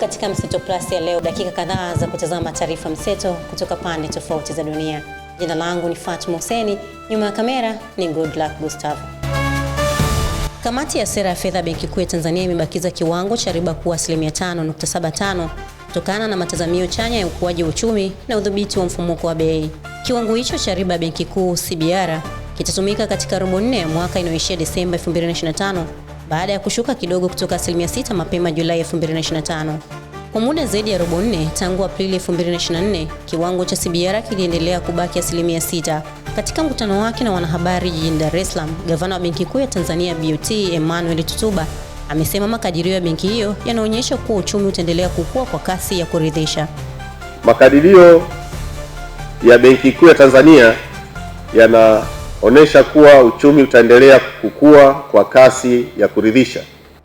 katika Mseto Plus ya leo, dakika kadhaa za kutazama taarifa mseto kutoka pande tofauti za dunia. Jina langu ni fatma Huseni, nyuma ya kamera ni Luck gustav Kamati ya sera ya fedha Benki Kuu ya Tanzania imebakiza kiwango cha riba kuwa asilimia 5.75 kutokana na matazamio chanya ya ukuaji wa uchumi na udhibiti wa mfumuko wa bei. Kiwango hicho cha riba Benki Kuu CBR kitatumika katika robo nne ya mwaka inayoishia Desemba 2025 baada ya kushuka kidogo kutoka asilimia 6 mapema Julai 2025. Kwa muda zaidi ya robo nne tangu Aprili 2024, kiwango cha CBR kiliendelea kubaki asilimia 6. Katika mkutano wake na wanahabari jijini Dar es Salaam, gavana wa Benki Kuu ya Tanzania BOT Emmanuel Tutuba amesema makadirio ya benki hiyo yanaonyesha kuwa uchumi utaendelea kukua kwa kasi ya kuridhisha. Makadirio ya Benki Kuu ya Tanzania yana onyesha kuwa uchumi utaendelea kukua kwa kasi ya kuridhisha.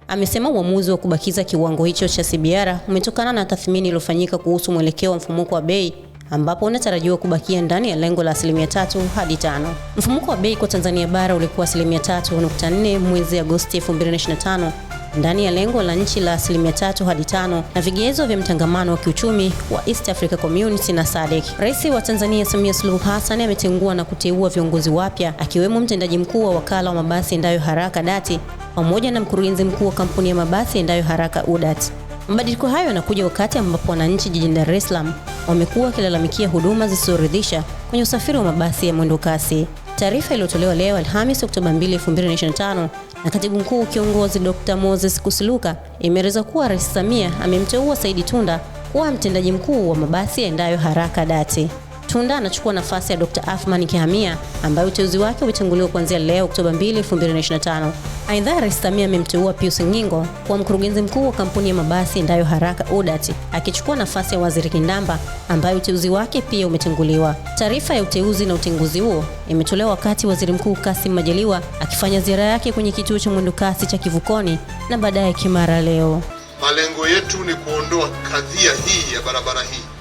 Amesema uamuzi wa kubakiza kiwango hicho cha CBR umetokana na tathmini iliyofanyika kuhusu mwelekeo wa mfumuko wa bei ambapo unatarajiwa kubakia ndani ya lengo la asilimia tatu hadi tano. Mfumuko wa bei kwa Tanzania bara ulikuwa asilimia tatu nukta nne mwezi Agosti 2025 ndani ya lengo la nchi la asilimia tatu hadi tano na vigezo vya mtangamano wa kiuchumi wa East Africa Community na SADC. Rais wa Tanzania Samia Suluhu Hassan ametengua na kuteua viongozi wapya akiwemo mtendaji mkuu wa wakala wa mabasi endayo haraka dati pamoja na mkurugenzi mkuu wa kampuni ya mabasi endayo haraka UDAT. Mabadiliko hayo yanakuja wakati ambapo wananchi jijini Dar es Salaam wamekuwa wakilalamikia huduma zisizoridhisha kwenye usafiri wa mabasi ya mwendo kasi. Taarifa iliyotolewa leo Alhamisi Oktoba 2, 2025 na Katibu Mkuu Kiongozi Dr. Moses Kusiluka imeeleza kuwa Rais Samia amemteua Saidi Tunda kuwa mtendaji mkuu wa mabasi yaendayo haraka dati Tunda anachukua nafasi ya Dr. Athman Kihamia ambaye uteuzi wake umetenguliwa kuanzia leo Oktoba 2, 2025. Aidha, Rais Samia amemteua Pius Ngingo kuwa mkurugenzi mkuu wa kampuni ya mabasi Ndayo Haraka UDART akichukua nafasi ya Waziri Kindamba ambaye uteuzi wake pia umetanguliwa. Taarifa ya uteuzi na utenguzi huo imetolewa wakati Waziri Mkuu Kassim Majaliwa akifanya ziara yake kwenye kituo cha mwendokasi cha Kivukoni na baadaye Kimara leo. Malengo yetu ni kuondoa kadhia hii ya barabara hii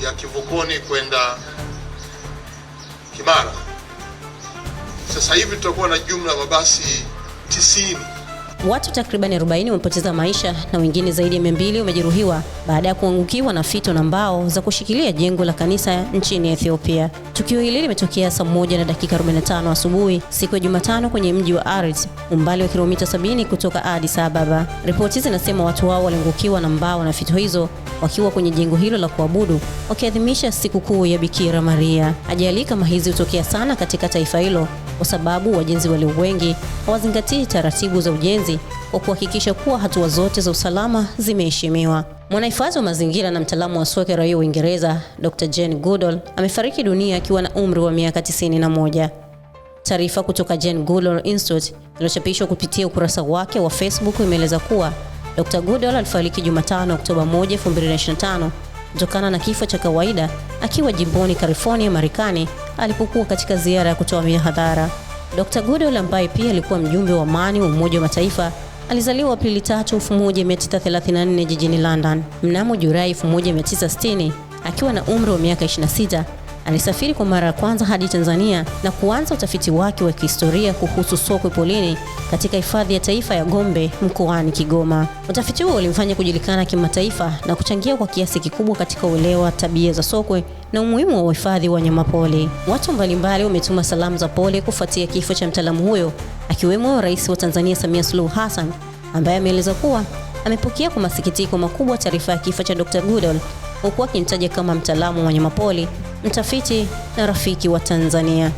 ya Kivukoni kwenda Kimara. Sasa hivi tutakuwa na jumla ya mabasi tisini Watu takriban 40 wamepoteza maisha na wengine zaidi ya 200 wamejeruhiwa baada ya kuangukiwa na fito na mbao za kushikilia jengo la kanisa nchini Ethiopia. Tukio hili limetokea saa moja na dakika 45 asubuhi siku ya Jumatano kwenye mji wa Arit, umbali wa kilomita 70 kutoka Addis Ababa. Ripoti zinasema watu wao waliangukiwa na mbao na fito hizo wakiwa kwenye jengo hilo la kuabudu wakiadhimisha sikukuu ya Bikira Maria. Ajali kama hizi hutokea sana katika taifa hilo kwa sababu wajenzi walio wengi hawazingatii taratibu za ujenzi kwa kuhakikisha kuwa hatua zote za usalama zimeheshimiwa. Mwanahifadhi wa mazingira na mtaalamu wa soka raia Uingereza, Dr. Jane Goodall amefariki dunia akiwa na umri wa miaka 91. Taarifa kutoka Jane Goodall Institute iliyochapishwa kupitia ukurasa wake wa Facebook imeeleza kuwa Dr. Goodall alifariki Jumatano, Oktoba 1, 2025 kutokana na kifo cha kawaida akiwa jimboni California, Marekani alipokuwa katika ziara ya kutoa mihadhara. Dr. Goodall ambaye pia alikuwa mjumbe wa amani wa Umoja wa Mataifa alizaliwa Aprili 3, 1934 jijini London. Mnamo Julai 1960 akiwa na umri wa miaka 26 Alisafiri kwa mara ya kwanza hadi Tanzania na kuanza utafiti wake wa kihistoria kuhusu sokwe polini katika hifadhi ya taifa ya Gombe mkoani Kigoma. Utafiti huo ulimfanya kujulikana kimataifa na kuchangia kwa kiasi kikubwa katika uelewa tabia za sokwe na umuhimu wa uhifadhi wa wanyamapori. Watu mbalimbali wametuma salamu za pole kufuatia kifo cha mtaalamu huyo, akiwemo Rais wa Tanzania Samia Suluhu Hassan ambaye ameeleza kuwa amepokea kwa masikitiko makubwa taarifa ya kifo cha Dr. Goodall huku akimtaja kama mtaalamu wa wanyamapori mtafiti na rafiki wa Tanzania.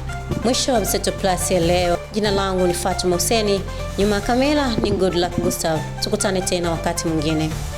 Mwisho wa Mseto Plus ya leo. Jina langu ni Fatuma Huseni, nyuma ya kamera ni Goodluck Gustav. Tukutane tena wakati mwingine.